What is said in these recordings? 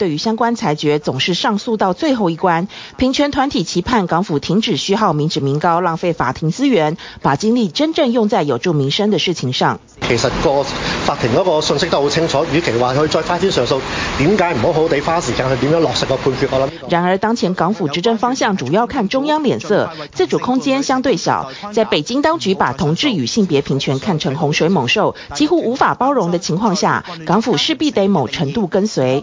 對於相關裁決，總是上訴到最後一關。平權團體期盼港府停止虛耗民脂民膏，浪費法庭資源，把精力真正用在有助民生的事情上。其實個法庭嗰個信息都好清楚，與其話去再花錢上訴，點解唔好好地花時間去點樣落實個判決？我諗。然而，當前港府執政方向主要看中央臉色，自主空間相對小。在北京當局把同志與性別平權看成洪水猛獸，幾乎無法包容的情況下，港府勢必得某程度跟隨。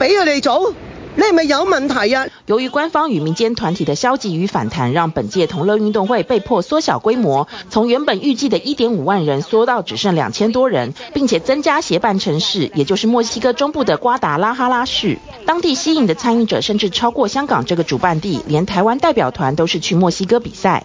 俾佢哋做。你係咪有問題啊由於官方與民間團體的消極與反彈讓本屆同樂運動會被迫縮小規模從原本預計的一點五萬人縮到只剩兩千多人并且增加協辦城市也就是墨西哥中部的瓜達拉哈拉市當地吸引的參與者甚至超過香港這個主辦地連台灣代表團都是去墨西哥比賽